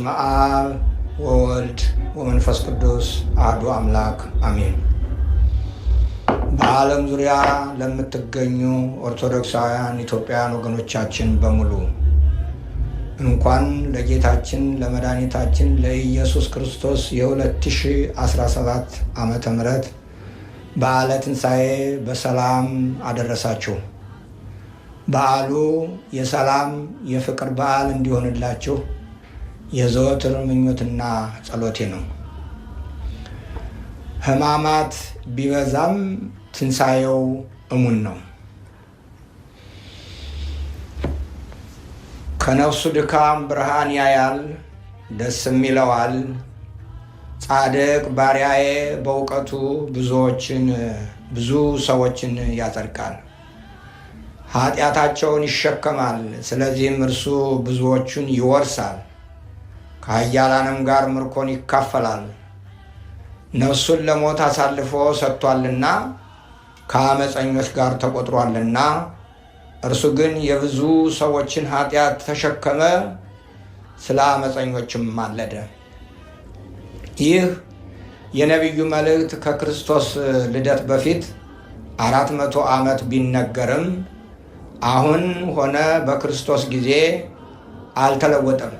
በስመ አብ ወወልድ ወመንፈስ ቅዱስ አሐዱ አምላክ አሜን። በዓለም ዙሪያ ለምትገኙ ኦርቶዶክሳውያን ኢትዮጵያውያን ወገኖቻችን በሙሉ እንኳን ለጌታችን ለመድኃኒታችን ለኢየሱስ ክርስቶስ የ2017 ዓመተ ምሕረት በዓለ ትንሣኤ በሰላም አደረሳችሁ። በዓሉ የሰላም የፍቅር በዓል እንዲሆንላችሁ የዘወትር ምኞትና ጸሎቴ ነው። ሕማማት ቢበዛም ትንሣኤው እሙን ነው። ከነፍሱ ድካም ብርሃን ያያል፣ ደስም ይለዋል። ጻድቅ ባሪያዬ በእውቀቱ ብዙዎችን ብዙ ሰዎችን ያጸድቃል፣ ኃጢአታቸውን ይሸከማል። ስለዚህም እርሱ ብዙዎቹን ይወርሳል። ከኃያላንም ጋር ምርኮን ይካፈላል። ነፍሱን ለሞት አሳልፎ ሰጥቷልና ከአመፀኞች ጋር ተቆጥሯልና እርሱ ግን የብዙ ሰዎችን ኃጢአት ተሸከመ፣ ስለ አመፀኞችም ማለደ። ይህ የነቢዩ መልእክት ከክርስቶስ ልደት በፊት አራት መቶ ዓመት ቢነገርም አሁን ሆነ በክርስቶስ ጊዜ አልተለወጠም።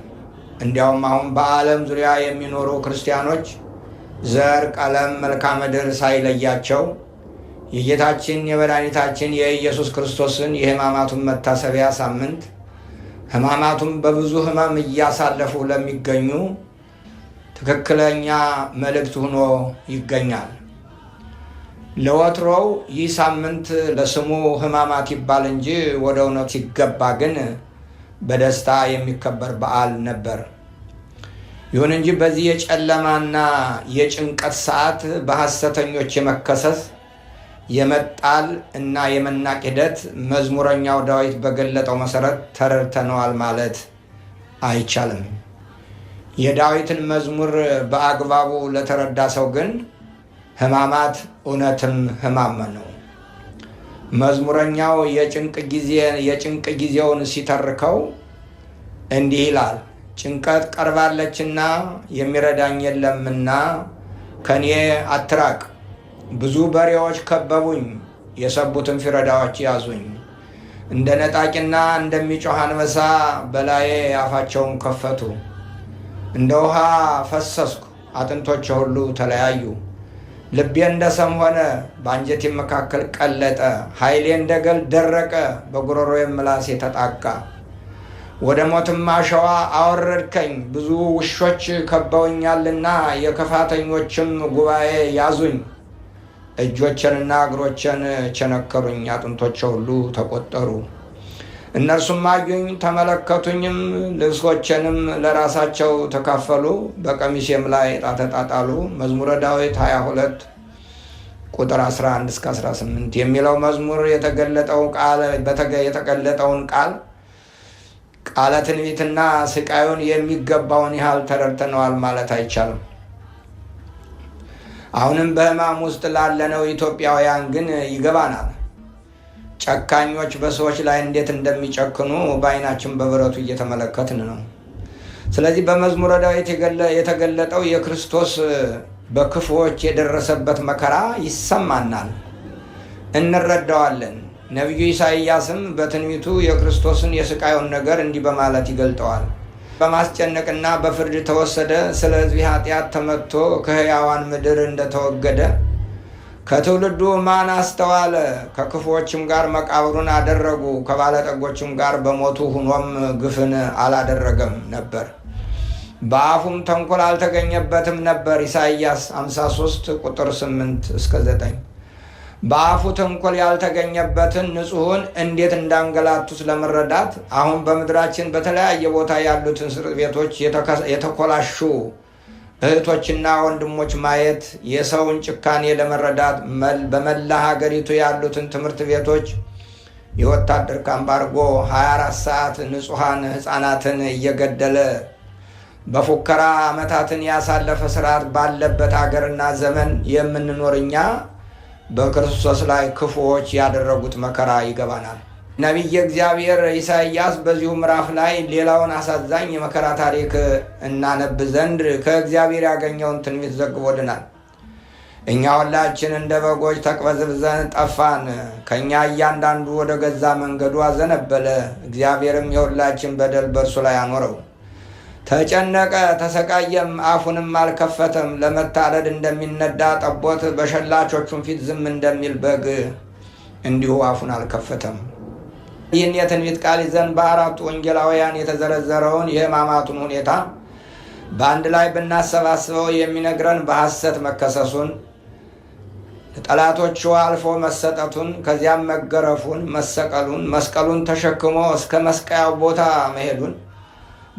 እንዲያውም አሁን በዓለም ዙሪያ የሚኖሩ ክርስቲያኖች ዘር፣ ቀለም፣ መልክዓ ምድር ሳይለያቸው የጌታችን የመድኃኒታችን የኢየሱስ ክርስቶስን የሕማማቱን መታሰቢያ ሳምንት ሕማማቱን በብዙ ሕማም እያሳለፉ ለሚገኙ ትክክለኛ መልእክት ሆኖ ይገኛል። ለወትሮው ይህ ሳምንት ለስሙ ሕማማት ይባል እንጂ ወደ እውነት ሲገባ ግን በደስታ የሚከበር በዓል ነበር። ይሁን እንጂ በዚህ የጨለማና የጭንቀት ሰዓት በሐሰተኞች የመከሰስ የመጣል እና የመናቅ ሂደት መዝሙረኛው ዳዊት በገለጠው መሰረት ተረድተነዋል ማለት አይቻልም። የዳዊትን መዝሙር በአግባቡ ለተረዳ ሰው ግን ሕማማት እውነትም ሕማም ነው። መዝሙረኛው የጭንቅ ጊዜ የጭንቅ ጊዜውን ሲተርከው እንዲህ ይላል። ጭንቀት ቀርባለችና የሚረዳኝ የለምና ከኔ አትራቅ። ብዙ በሬዎች ከበቡኝ፣ የሰቡትን ፊረዳዎች ያዙኝ። እንደ ነጣቂና እንደሚጮህ አንበሳ በላዬ አፋቸውን ከፈቱ። እንደ ውሃ ፈሰስኩ፣ አጥንቶች ሁሉ ተለያዩ። ልቤ እንደ ሰም ሆነ፣ በአንጀቴ መካከል ቀለጠ። ኃይሌ እንደ ገል ደረቀ፣ በጉሮሮዬ ምላሴ ተጣቃ። ወደ ሞትም አሸዋ አወረድከኝ፣ ብዙ ውሾች ከበውኛልና የክፋተኞችም ጉባኤ ያዙኝ። እጆችንና እግሮችን ቸነከሩኝ፣ አጥንቶቼ ሁሉ ተቆጠሩ። እነርሱም አዩኝ ተመለከቱኝም፣ ልብሶቼንም ለራሳቸው ተካፈሉ፣ በቀሚሴም ላይ ዕጣ ተጣጣሉ። መዝሙረ ዳዊት 22 ቁጥር 11 እስከ 18 የሚለው መዝሙር የተገለጠው ቃል የተገለጠውን ቃል ቃለ ትንቢትና ስቃዩን የሚገባውን ያህል ተረድተነዋል ማለት አይቻልም። አሁንም በሕማም ውስጥ ላለነው ኢትዮጵያውያን ግን ይገባናል። ጨካኞች በሰዎች ላይ እንዴት እንደሚጨክኑ በአይናችን በብረቱ እየተመለከትን ነው። ስለዚህ በመዝሙረ ዳዊት የተገለጠው የክርስቶስ በክፉዎች የደረሰበት መከራ ይሰማናል፣ እንረዳዋለን። ነቢዩ ኢሳይያስም በትንቢቱ የክርስቶስን የስቃዩን ነገር እንዲህ በማለት ይገልጠዋል። በማስጨነቅና በፍርድ ተወሰደ፣ ስለ ሕዝብ ኃጢአት ተመትቶ ከሕያዋን ምድር እንደተወገደ ከትውልዱ ማን አስተዋለ? ከክፉዎችም ጋር መቃብሩን አደረጉ፣ ከባለጠጎችም ጋር በሞቱ ሁኖም ግፍን አላደረገም ነበር፣ በአፉም ተንኮል አልተገኘበትም ነበር። ኢሳይያስ 53 ቁጥር 8 እስከ 9 በአፉ ተንኮል ያልተገኘበትን ንጹሑን እንዴት እንዳንገላቱ ለመረዳት አሁን በምድራችን በተለያየ ቦታ ያሉትን እስር ቤቶች የተኮላሹ እህቶችና ወንድሞች ማየት የሰውን ጭካኔ ለመረዳት በመላ ሀገሪቱ ያሉትን ትምህርት ቤቶች የወታደር ካምባርጎ 24 ሰዓት ንጹሐን ህፃናትን እየገደለ በፉከራ ዓመታትን ያሳለፈ ስርዓት ባለበት ሀገርና ዘመን የምንኖር እኛ በክርስቶስ ላይ ክፉዎች ያደረጉት መከራ ይገባናል። ነቢየ እግዚአብሔር ኢሳይያስ በዚሁ ምዕራፍ ላይ ሌላውን አሳዛኝ የመከራ ታሪክ እናነብ ዘንድ ከእግዚአብሔር ያገኘውን ትንቢት ዘግቦልናል። እኛ ሁላችን እንደ በጎች ተቅበዝብዘን ጠፋን፣ ከእኛ እያንዳንዱ ወደ ገዛ መንገዱ አዘነበለ። እግዚአብሔርም የሁላችን በደል በእርሱ ላይ አኖረው። ተጨነቀ፣ ተሰቃየም፣ አፉንም አልከፈተም። ለመታረድ እንደሚነዳ ጠቦት፣ በሸላቾቹም ፊት ዝም እንደሚል በግ እንዲሁ አፉን አልከፈተም። ይህን የትንቢት ቃል ይዘን በአራቱ ወንጌላውያን የተዘረዘረውን የሕማማቱን ሁኔታ በአንድ ላይ ብናሰባስበው የሚነግረን በሐሰት መከሰሱን ጠላቶቹ አልፎ መሰጠቱን ከዚያም መገረፉን፣ መሰቀሉን፣ መስቀሉን ተሸክሞ እስከ መስቀያው ቦታ መሄዱን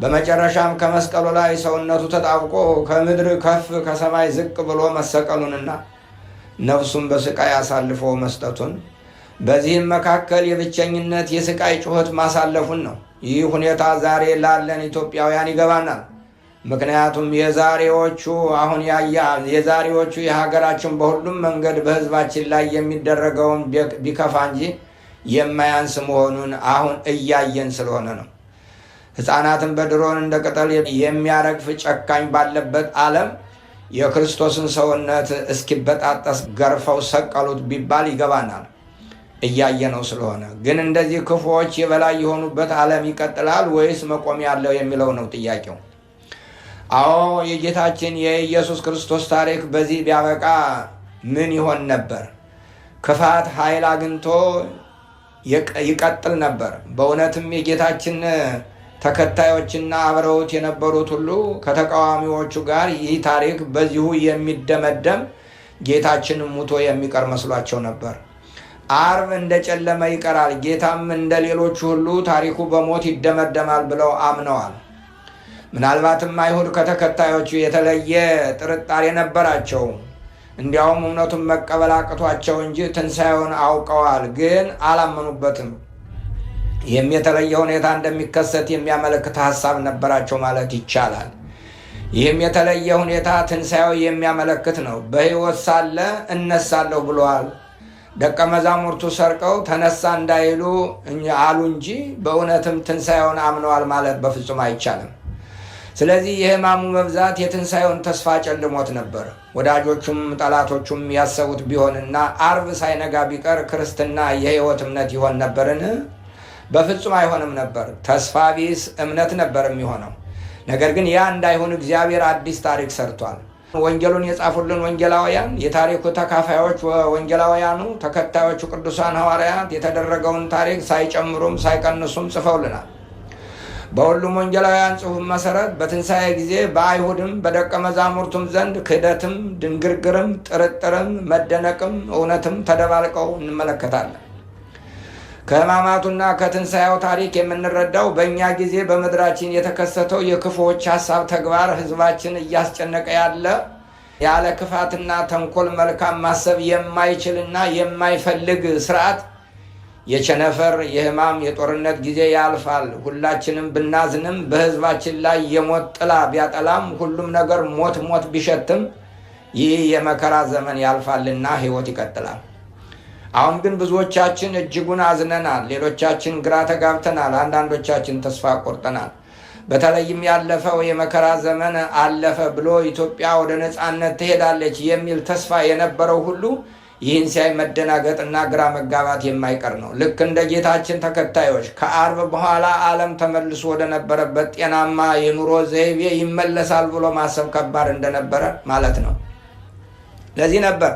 በመጨረሻም ከመስቀሉ ላይ ሰውነቱ ተጣብቆ ከምድር ከፍ ከሰማይ ዝቅ ብሎ መሰቀሉንና ነፍሱን በስቃይ አሳልፎ መስጠቱን በዚህም መካከል የብቸኝነት የስቃይ ጩኸት ማሳለፉን ነው። ይህ ሁኔታ ዛሬ ላለን ኢትዮጵያውያን ይገባናል። ምክንያቱም የዛሬዎቹ አሁን ያያ የዛሬዎቹ የሀገራችን በሁሉም መንገድ በህዝባችን ላይ የሚደረገውን ቢከፋ እንጂ የማያንስ መሆኑን አሁን እያየን ስለሆነ ነው። ሕፃናትን በድሮን እንደ ቅጠል የሚያረግፍ ጨካኝ ባለበት ዓለም የክርስቶስን ሰውነት እስኪበጣጠስ ገርፈው ሰቀሉት ቢባል ይገባናል። እያየነው ስለሆነ ግን እንደዚህ ክፉዎች የበላይ የሆኑበት ዓለም ይቀጥላል ወይስ መቆሚያ አለው የሚለው ነው ጥያቄው። አዎ የጌታችን የኢየሱስ ክርስቶስ ታሪክ በዚህ ቢያበቃ ምን ይሆን ነበር? ክፋት ኃይል አግኝቶ ይቀጥል ነበር። በእውነትም የጌታችን ተከታዮችና አብረውት የነበሩት ሁሉ ከተቃዋሚዎቹ ጋር ይህ ታሪክ በዚሁ የሚደመደም ጌታችን ሙቶ የሚቀር መስሏቸው ነበር። አርብ እንደ ጨለመ ይቀራል፣ ጌታም እንደ ሌሎች ሁሉ ታሪኩ በሞት ይደመደማል ብለው አምነዋል። ምናልባትም አይሁድ ከተከታዮቹ የተለየ ጥርጣሬ ነበራቸው። እንዲያውም እውነቱን መቀበል አቅቷቸው እንጂ ትንሣኤውን አውቀዋል፣ ግን አላመኑበትም። ይህም የተለየ ሁኔታ እንደሚከሰት የሚያመለክት ሀሳብ ነበራቸው ማለት ይቻላል። ይህም የተለየ ሁኔታ ትንሣኤው የሚያመለክት ነው። በሕይወት ሳለ እነሳለሁ ብለዋል። ደቀ መዛሙርቱ ሰርቀው ተነሳ እንዳይሉ አሉ እንጂ በእውነትም ትንሣኤውን አምነዋል ማለት በፍጹም አይቻልም። ስለዚህ የሕማሙ መብዛት የትንሣኤውን ተስፋ ጨልሞት ነበር። ወዳጆቹም ጠላቶቹም ያሰቡት ቢሆንና አርብ ሳይነጋ ቢቀር ክርስትና የሕይወት እምነት ይሆን ነበርን? በፍጹም አይሆንም ነበር። ተስፋ ቢስ እምነት ነበር የሚሆነው። ነገር ግን ያ እንዳይሆን እግዚአብሔር አዲስ ታሪክ ሰርቷል። ወንጌሉን የጻፉልን ወንጌላውያን፣ የታሪኩ ተካፋዮች ወንጌላውያኑ፣ ተከታዮቹ ቅዱሳን ሐዋርያት የተደረገውን ታሪክ ሳይጨምሩም ሳይቀንሱም ጽፈውልናል። በሁሉም ወንጌላውያን ጽሑፍ መሰረት በትንሣኤ ጊዜ በአይሁድም በደቀ መዛሙርቱም ዘንድ ክህደትም፣ ድንግርግርም፣ ጥርጥርም፣ መደነቅም እውነትም ተደባልቀው እንመለከታለን። ከሕማማቱና ከትንሣኤው ታሪክ የምንረዳው በእኛ ጊዜ በምድራችን የተከሰተው የክፉዎች ሐሳብ ተግባር ሕዝባችን እያስጨነቀ ያለ ያለ ክፋትና ተንኮል መልካም ማሰብ የማይችልና የማይፈልግ ስርዓት የቸነፈር የሕማም የጦርነት ጊዜ ያልፋል። ሁላችንም ብናዝንም በሕዝባችን ላይ የሞት ጥላ ቢያጠላም ሁሉም ነገር ሞት ሞት ቢሸትም ይህ የመከራ ዘመን ያልፋልና ሕይወት ይቀጥላል። አሁን ግን ብዙዎቻችን እጅጉን አዝነናል። ሌሎቻችን ግራ ተጋብተናል። አንዳንዶቻችን ተስፋ ቆርጠናል። በተለይም ያለፈው የመከራ ዘመን አለፈ ብሎ ኢትዮጵያ ወደ ነፃነት ትሄዳለች የሚል ተስፋ የነበረው ሁሉ ይህን ሲያይ መደናገጥና ግራ መጋባት የማይቀር ነው። ልክ እንደ ጌታችን ተከታዮች ከአርብ በኋላ ዓለም ተመልሶ ወደነበረበት ጤናማ የኑሮ ዘይቤ ይመለሳል ብሎ ማሰብ ከባድ እንደነበረ ማለት ነው። ለዚህ ነበር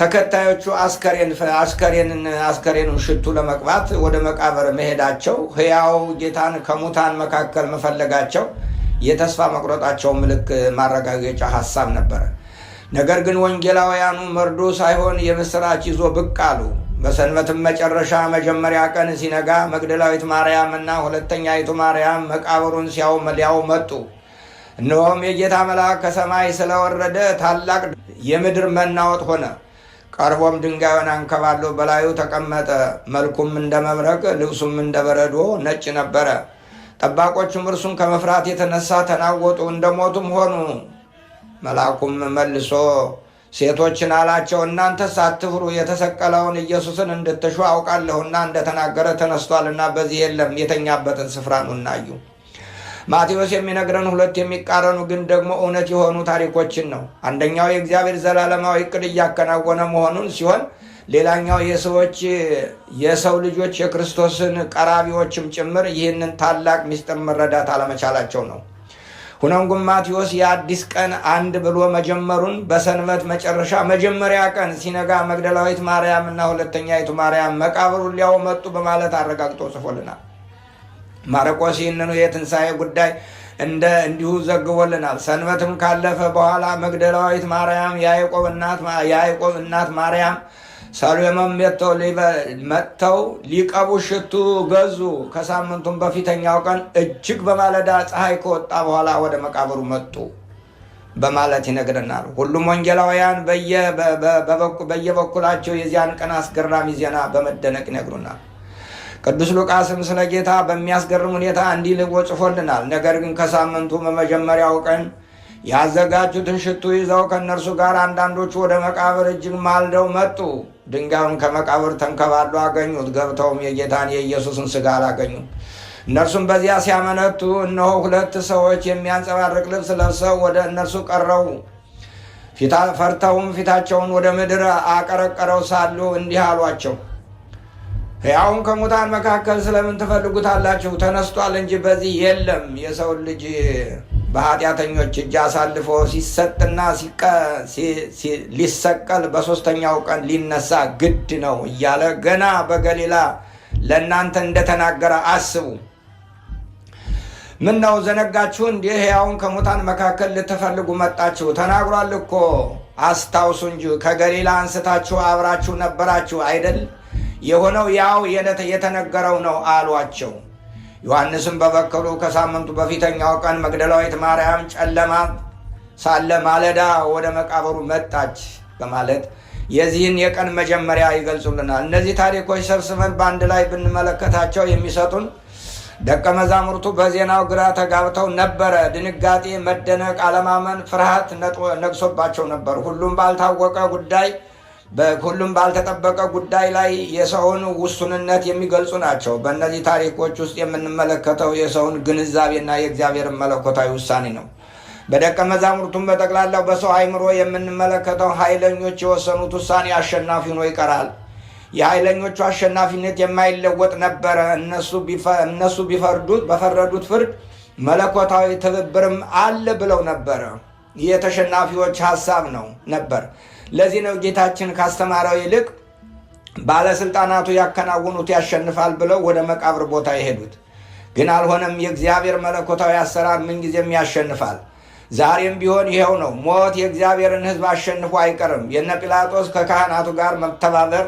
ተከታዮቹ አስከሬን አስከሬንን አስከሬኑን ሽቱ ለመቅባት ወደ መቃብር መሄዳቸው ሕያው ጌታን ከሙታን መካከል መፈለጋቸው የተስፋ መቁረጣቸው ምልክ ማረጋገጫ ሀሳብ ነበረ። ነገር ግን ወንጌላውያኑ መርዶ ሳይሆን የምስራች ይዞ ብቅ አሉ። በሰንበትም መጨረሻ መጀመሪያ ቀን ሲነጋ መግደላዊት ማርያም እና ሁለተኛይቱ ማርያም መቃብሩን ሲያው መሊያው መጡ። እነሆም የጌታ መልአክ ከሰማይ ስለወረደ ታላቅ የምድር መናወጥ ሆነ። ቀርቦም ድንጋዩን አንከባሎ በላዩ ተቀመጠ። መልኩም እንደ መብረቅ ልብሱም እንደ በረዶ ነጭ ነበረ። ጠባቆቹም እርሱን ከመፍራት የተነሳ ተናወጡ፣ እንደ ሞቱም ሆኑ። መልአኩም መልሶ ሴቶችን አላቸው፣ እናንተ ሳትፍሩ የተሰቀለውን ኢየሱስን እንድትሹ አውቃለሁና እንደተናገረ ተነስቷልና በዚህ የለም፣ የተኛበትን ስፍራ ነው እናዩ። ማቴዎስ የሚነግረን ሁለት የሚቃረኑ ግን ደግሞ እውነት የሆኑ ታሪኮችን ነው። አንደኛው የእግዚአብሔር ዘላለማዊ እቅድ እያከናወነ መሆኑን ሲሆን ሌላኛው የሰዎች የሰው ልጆች የክርስቶስን ቀራቢዎችም ጭምር ይህንን ታላቅ ምስጢር መረዳት አለመቻላቸው ነው። ሁኖም ግን ማቴዎስ የአዲስ ቀን አንድ ብሎ መጀመሩን በሰንበት መጨረሻ መጀመሪያ ቀን ሲነጋ መግደላዊት ማርያም እና ሁለተኛይቱ ማርያም መቃብሩን ሊያው መጡ በማለት አረጋግጦ ጽፎልናል። ማረቆሲ ይህንኑ የትንሣኤ ጉዳይ እንደ እንዲሁ ዘግቦልናል። ሰንበትም ካለፈ በኋላ መግደላዊት ማርያም፣ የያዕቆብ እናት ማርያም፣ ሰሎሜም መጥተው ሊቀቡ ሽቱ ገዙ። ከሳምንቱም በፊተኛው ቀን እጅግ በማለዳ ፀሐይ ከወጣ በኋላ ወደ መቃብሩ መጡ በማለት ይነግረናል። ሁሉም ወንጌላውያን በየበኩላቸው የዚያን ቀን አስገራሚ ዜና በመደነቅ ይነግሩናል። ቅዱስ ሉቃስም ስለ ጌታ በሚያስገርም ሁኔታ እንዲህ ጽፎልናል። ነገር ግን ከሳምንቱ በመጀመሪያው ቀን ያዘጋጁትን ሽቱ ይዘው ከእነርሱ ጋር አንዳንዶቹ ወደ መቃብር እጅግ ማልደው መጡ። ድንጋዩን ከመቃብር ተንከባሉ አገኙት። ገብተውም የጌታን የኢየሱስን ስጋ አላገኙም። እነርሱም በዚያ ሲያመነቱ እነሆ ሁለት ሰዎች የሚያንጸባርቅ ልብስ ለብሰው ወደ እነርሱ ቀረቡ። ፈርተውም ፊታቸውን ወደ ምድር አቀረቀረው ሳሉ እንዲህ አሏቸው ሕያውን ከሙታን መካከል ስለምን ትፈልጉታላችሁ? ተነስቷል እንጂ በዚህ የለም። የሰው ልጅ በኃጢአተኞች እጅ አሳልፎ ሲሰጥና ሊሰቀል በሦስተኛው ቀን ሊነሳ ግድ ነው እያለ ገና በገሊላ ለእናንተ እንደተናገረ አስቡ። ምን ነው ዘነጋችሁ? እንዲህ ሕያውን ከሙታን መካከል ልትፈልጉ መጣችሁ? ተናግሯል እኮ አስታውሱ እንጂ ከገሊላ አንስታችሁ አብራችሁ ነበራችሁ አይደል? የሆነው ያው የተነገረው ነው አሏቸው። ዮሐንስም በበኩሉ ከሳምንቱ በፊተኛው ቀን መግደላዊት ማርያም ጨለማ ሳለ ማለዳ ወደ መቃብሩ መጣች በማለት የዚህን የቀን መጀመሪያ ይገልጹልናል። እነዚህ ታሪኮች ሰብስበን በአንድ ላይ ብንመለከታቸው የሚሰጡን ደቀ መዛሙርቱ በዜናው ግራ ተጋብተው ነበረ። ድንጋጤ፣ መደነቅ፣ አለማመን፣ ፍርሃት ነግሶባቸው ነበር። ሁሉም ባልታወቀ ጉዳይ በሁሉም ባልተጠበቀ ጉዳይ ላይ የሰውን ውሱንነት የሚገልጹ ናቸው። በእነዚህ ታሪኮች ውስጥ የምንመለከተው የሰውን ግንዛቤና የእግዚአብሔርን መለኮታዊ ውሳኔ ነው። በደቀ መዛሙርቱም በጠቅላላው በሰው አይምሮ የምንመለከተው ኃይለኞች የወሰኑት ውሳኔ አሸናፊ ሆኖ ይቀራል። የኃይለኞቹ አሸናፊነት የማይለወጥ ነበረ። እነሱ ቢፈርዱት በፈረዱት ፍርድ መለኮታዊ ትብብርም አለ ብለው ነበረ። የተሸናፊዎች ሀሳብ ነው ነበር ለዚህ ነው ጌታችን ካስተማረው ይልቅ ባለስልጣናቱ ያከናውኑት ያሸንፋል ብለው ወደ መቃብር ቦታ የሄዱት። ግን አልሆነም። የእግዚአብሔር መለኮታዊ አሰራር ምንጊዜም ያሸንፋል። ዛሬም ቢሆን ይኸው ነው። ሞት የእግዚአብሔርን ሕዝብ አሸንፎ አይቀርም። የነ ጲላጦስ ከካህናቱ ጋር መተባበር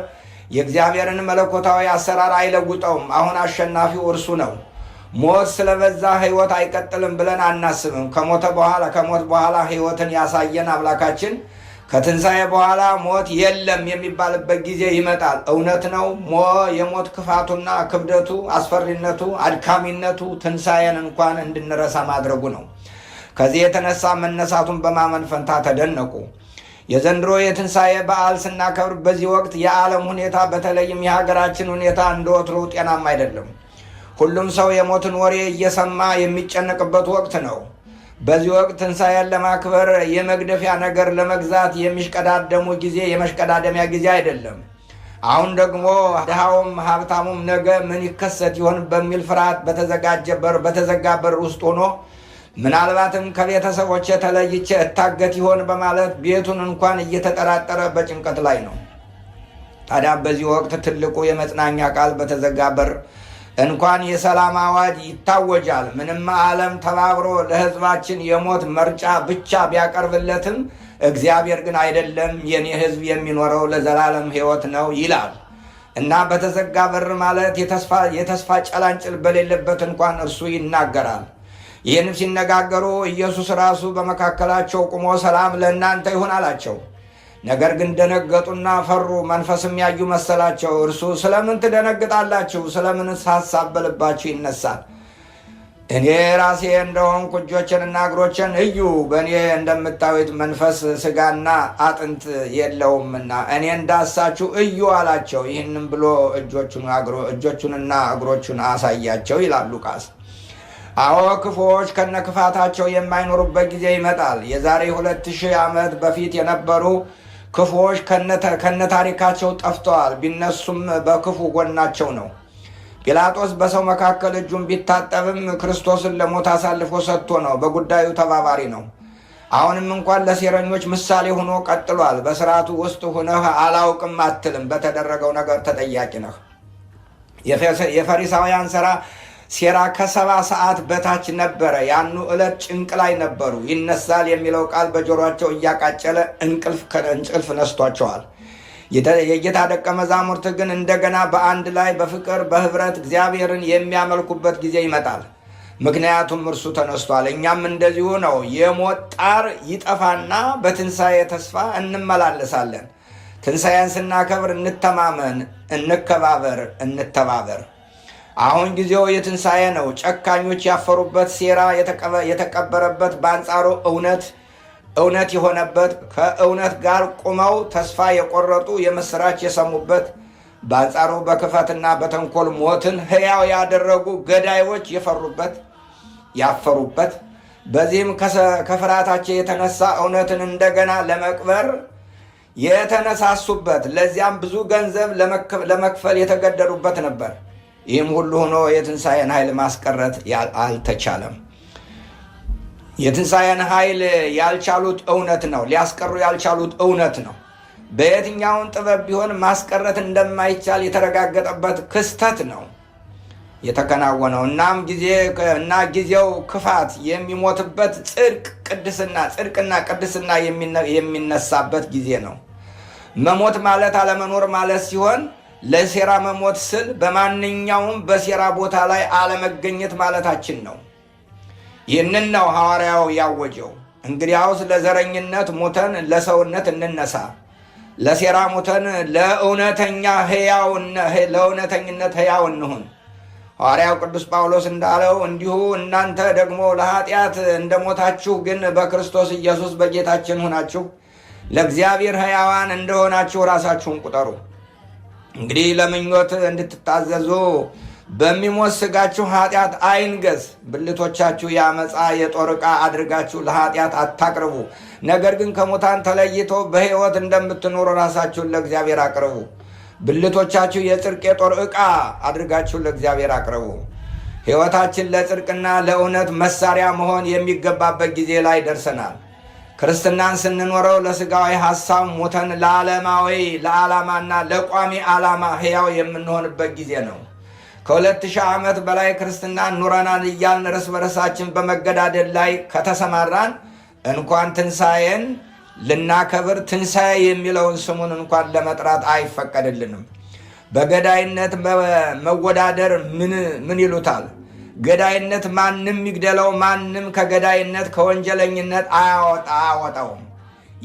የእግዚአብሔርን መለኮታዊ አሰራር አይለውጠውም። አሁን አሸናፊው እርሱ ነው። ሞት ስለበዛ ሕይወት አይቀጥልም ብለን አናስብም። ከሞት በኋላ ሕይወትን ያሳየን አምላካችን ከትንሣኤ በኋላ ሞት የለም የሚባልበት ጊዜ ይመጣል። እውነት ነው። ሞ የሞት ክፋቱና ክብደቱ፣ አስፈሪነቱ፣ አድካሚነቱ ትንሣኤን እንኳን እንድንረሳ ማድረጉ ነው። ከዚህ የተነሳ መነሳቱን በማመን ፈንታ ተደነቁ። የዘንድሮ የትንሣኤ በዓል ስናከብር በዚህ ወቅት የዓለም ሁኔታ በተለይም የሀገራችን ሁኔታ እንደወትሮው ጤናም አይደለም። ሁሉም ሰው የሞትን ወሬ እየሰማ የሚጨነቅበት ወቅት ነው። በዚህ ወቅት ትንሣኤን ለማክበር የመግደፊያ ነገር ለመግዛት የሚሽቀዳደሙ ጊዜ የመሽቀዳደሚያ ጊዜ አይደለም። አሁን ደግሞ ድሃውም ሀብታሙም ነገ ምን ይከሰት ይሆን በሚል ፍርሃት በተዘጋ በር ውስጥ ሆኖ ምናልባትም ከቤተሰቦች ተለይቼ እታገት ይሆን በማለት ቤቱን እንኳን እየተጠራጠረ በጭንቀት ላይ ነው። ታዲያ በዚህ ወቅት ትልቁ የመጽናኛ ቃል በተዘጋ በር እንኳን የሰላም አዋጅ ይታወጃል። ምንም ዓለም ተባብሮ ለሕዝባችን የሞት መርጫ ብቻ ቢያቀርብለትም እግዚአብሔር ግን አይደለም የኔ ሕዝብ የሚኖረው ለዘላለም ሕይወት ነው ይላል እና በተዘጋ በር ማለት የተስፋ ጨላንጭል በሌለበት እንኳን እርሱ ይናገራል። ይህንም ሲነጋገሩ ኢየሱስ ራሱ በመካከላቸው ቁሞ ሰላም ለእናንተ ይሁን አላቸው። ነገር ግን ደነገጡና ፈሩ፣ መንፈስም ያዩ መሰላቸው። እርሱ ስለምን ትደነግጣላችሁ? ስለምን ሐሳብ በልባችሁ ይነሳል? እኔ ራሴ እንደሆንኩ እጆችንና እግሮችን እዩ፣ በእኔ እንደምታዩት መንፈስ ስጋና አጥንት የለውምና እኔ እንዳሳችሁ እዩ አላቸው። ይህንም ብሎ እጆቹንና እግሮቹን አሳያቸው ይላል ሉቃስ። አዎ ክፉዎች ከነክፋታቸው የማይኖሩበት ጊዜ ይመጣል። የዛሬ ሁለት ሺህ ዓመት በፊት የነበሩ ክፉዎች ከነታሪካቸው ጠፍተዋል፣ ቢነሱም በክፉ ጎናቸው ነው። ጲላጦስ በሰው መካከል እጁን ቢታጠብም ክርስቶስን ለሞት አሳልፎ ሰጥቶ ነው። በጉዳዩ ተባባሪ ነው። አሁንም እንኳን ለሴረኞች ምሳሌ ሆኖ ቀጥሏል። በስርዓቱ ውስጥ ሁነህ አላውቅም አትልም። በተደረገው ነገር ተጠያቂ ነህ። የፈሪሳውያን ሥራ ሴራ ከሰባ ሰዓት በታች ነበረ። ያኑ ዕለት ጭንቅ ላይ ነበሩ። ይነሳል የሚለው ቃል በጆሯቸው እያቃጨለ እንቅልፍ ከእንቅልፍ ነስቷቸዋል። የጌታ ደቀ መዛሙርት ግን እንደገና በአንድ ላይ በፍቅር በህብረት እግዚአብሔርን የሚያመልኩበት ጊዜ ይመጣል። ምክንያቱም እርሱ ተነስቷል። እኛም እንደዚሁ ነው። የሞት ጣር ይጠፋና በትንሣኤ ተስፋ እንመላለሳለን። ትንሣኤን ስናከብር እንተማመን፣ እንከባበር፣ እንተባበር። አሁን ጊዜው የትንሣኤ ነው። ጨካኞች ያፈሩበት፣ ሴራ የተቀበረበት፣ በአንጻሩ እውነት እውነት የሆነበት፣ ከእውነት ጋር ቁመው ተስፋ የቆረጡ የምሥራች የሰሙበት፣ በአንጻሩ በክፋትና በተንኮል ሞትን ሕያው ያደረጉ ገዳዮች የፈሩበት ያፈሩበት በዚህም ከፍርሃታቸው የተነሳ እውነትን እንደገና ለመቅበር የተነሳሱበት ለዚያም ብዙ ገንዘብ ለመክፈል የተገደዱበት ነበር። ይህም ሁሉ ሆኖ የትንሣኤን ኃይል ማስቀረት አልተቻለም። የትንሣኤን ኃይል ያልቻሉት እውነት ነው፣ ሊያስቀሩ ያልቻሉት እውነት ነው። በየትኛውን ጥበብ ቢሆን ማስቀረት እንደማይቻል የተረጋገጠበት ክስተት ነው የተከናወነው። እናም ጊዜ እና ጊዜው ክፋት የሚሞትበት ጽድቅ ቅድስና ጽድቅና ቅድስና የሚነሳበት ጊዜ ነው። መሞት ማለት አለመኖር ማለት ሲሆን ለሴራ መሞት ስል በማንኛውም በሴራ ቦታ ላይ አለመገኘት ማለታችን ነው። ይህንን ነው ሐዋርያው ያወጀው። እንግዲያውስ ለዘረኝነት ሙተን ለሰውነት እንነሳ፣ ለሴራ ሙተን ለእውነተኛ ለእውነተኝነት ሕያው እንሁን። ሐዋርያው ቅዱስ ጳውሎስ እንዳለው እንዲሁ እናንተ ደግሞ ለኃጢአት እንደሞታችሁ፣ ግን በክርስቶስ ኢየሱስ በጌታችን ሆናችሁ ለእግዚአብሔር ሕያዋን እንደሆናችሁ ራሳችሁን ቁጠሩ። እንግዲህ ለምኞት እንድትታዘዙ በሚሞት ስጋችሁ ኃጢአት አይንገስ። ብልቶቻችሁ የአመፃ የጦር ዕቃ አድርጋችሁ ለኃጢአት አታቅርቡ፣ ነገር ግን ከሙታን ተለይቶ በሕይወት እንደምትኖሩ ራሳችሁን ለእግዚአብሔር አቅርቡ። ብልቶቻችሁ የጽድቅ የጦር ዕቃ አድርጋችሁ ለእግዚአብሔር አቅርቡ። ሕይወታችን ለጽድቅና ለእውነት መሳሪያ መሆን የሚገባበት ጊዜ ላይ ደርሰናል። ክርስትናን ስንኖረው ለስጋዊ ሀሳብ ሞተን ለዓለማዊ ለዓላማና ለቋሚ ዓላማ ህያው የምንሆንበት ጊዜ ነው። ከሁለት ሺህ ዓመት በላይ ክርስትናን ኑረናን እያልን እርስ በርሳችን በመገዳደል ላይ ከተሰማራን እንኳን ትንሣኤን ልናከብር ትንሣኤ የሚለውን ስሙን እንኳን ለመጥራት አይፈቀድልንም። በገዳይነት መወዳደር ምን ይሉታል? ገዳይነት ማንም ይግደለው፣ ማንም ከገዳይነት ከወንጀለኝነት አያወጣ አያወጣውም።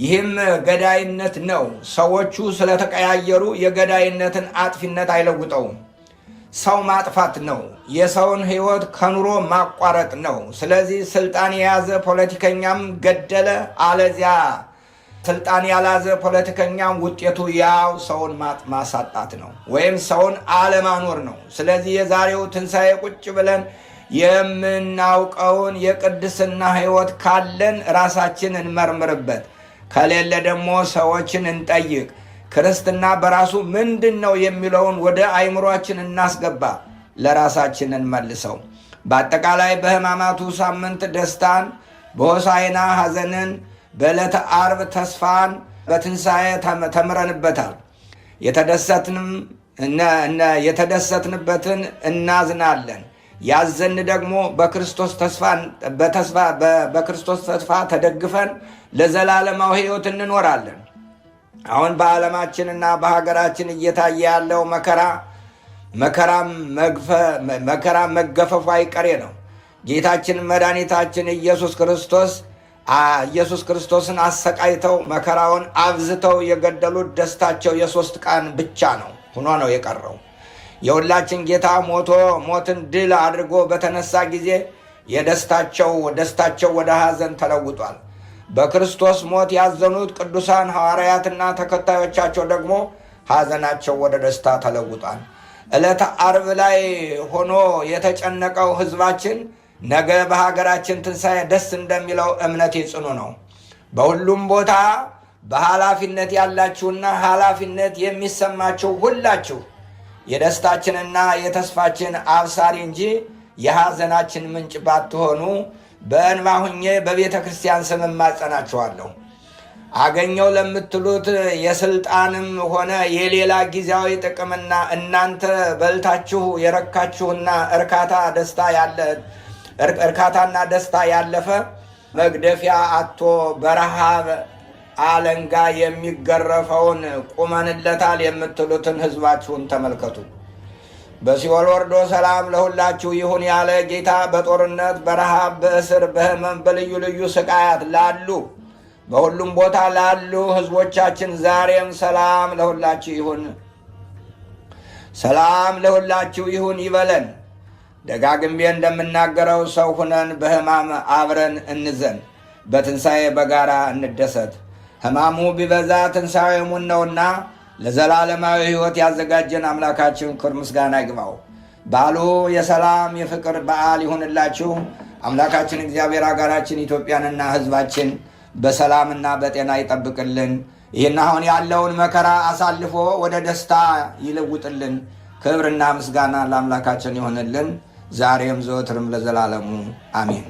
ይህም ገዳይነት ነው። ሰዎቹ ስለተቀያየሩ የገዳይነትን አጥፊነት አይለውጠውም። ሰው ማጥፋት ነው። የሰውን ሕይወት ከኑሮ ማቋረጥ ነው። ስለዚህ ስልጣን የያዘ ፖለቲከኛም ገደለ አለዚያ ስልጣን ያላዘ ፖለቲከኛም ውጤቱ ያው ሰውን ማሳጣት ነው፣ ወይም ሰውን አለማኖር ነው። ስለዚህ የዛሬው ትንሣኤ ቁጭ ብለን የምናውቀውን የቅድስና ሕይወት ካለን ራሳችን እንመርምርበት፣ ከሌለ ደግሞ ሰዎችን እንጠይቅ። ክርስትና በራሱ ምንድን ነው የሚለውን ወደ አይምሯችን እናስገባ፣ ለራሳችን እንመልሰው። በአጠቃላይ በሕማማቱ ሳምንት ደስታን፣ በሆሳይና ሐዘንን በዕለተ ዓርብ ተስፋን በትንሣኤ ተምረንበታል። የተደሰትንም የተደሰትንበትን እናዝናለን። ያዘን ደግሞ በክርስቶስ ተስፋ ተደግፈን ለዘላለማዊ ሕይወት እንኖራለን። አሁን በዓለማችንና በሀገራችን እየታየ ያለው መከራ መከራ መገፈፉ አይቀሬ ነው። ጌታችን መድኃኒታችን ኢየሱስ ክርስቶስ ኢየሱስ ክርስቶስን አሰቃይተው መከራውን አብዝተው የገደሉት ደስታቸው የሶስት ቀን ብቻ ነው ሆኖ ነው የቀረው። የሁላችን ጌታ ሞቶ ሞትን ድል አድርጎ በተነሳ ጊዜ የደስታቸው ደስታቸው ወደ ሐዘን ተለውጧል። በክርስቶስ ሞት ያዘኑት ቅዱሳን ሐዋርያትና ተከታዮቻቸው ደግሞ ሐዘናቸው ወደ ደስታ ተለውጧል። ዕለተ አርብ ላይ ሆኖ የተጨነቀው ሕዝባችን ነገ በሀገራችን ትንሣኤ ደስ እንደሚለው እምነቴ ጽኑ ነው። በሁሉም ቦታ በኃላፊነት ያላችሁና ኃላፊነት የሚሰማችሁ ሁላችሁ የደስታችንና የተስፋችን አብሳሪ እንጂ የሐዘናችን ምንጭ ባትሆኑ በእንባ ሁኜ በቤተ ክርስቲያን ስም እማጸናችኋለሁ። አገኘው ለምትሉት የስልጣንም ሆነ የሌላ ጊዜያዊ ጥቅምና እናንተ በልታችሁ የረካችሁና እርካታ ደስታ ያለ እርካታና ደስታ ያለፈ መግደፊያ አቶ በረሃብ አለንጋ የሚገረፈውን ቁመንለታል የምትሉትን ህዝባችሁን ተመልከቱ። በሲኦል ወርዶ ሰላም ለሁላችሁ ይሁን ያለ ጌታ በጦርነት በረሃብ በእስር በህመም በልዩ ልዩ ስቃያት ላሉ በሁሉም ቦታ ላሉ ህዝቦቻችን ዛሬም ሰላም ለሁላችሁ ይሁን፣ ሰላም ለሁላችሁ ይሁን ይበለን። ደጋግሜ እንደምናገረው ሰው ሁነን በሕማም አብረን እንዘን፣ በትንሣኤ በጋራ እንደሰት። ሕማሙ ቢበዛ ትንሣኤ ሙን ነውና ለዘላለማዊ ሕይወት ያዘጋጀን አምላካችን ክብር ምስጋና ይግባው። በዓሉ የሰላም የፍቅር በዓል ይሁንላችሁ። አምላካችን እግዚአብሔር አገራችን ኢትዮጵያንና ሕዝባችን በሰላምና በጤና ይጠብቅልን። ይህን አሁን ያለውን መከራ አሳልፎ ወደ ደስታ ይለውጥልን። ክብርና ምስጋና ለአምላካችን ይሆንልን። ዛሬም ዘወትርም ለዘላለሙ አሜን።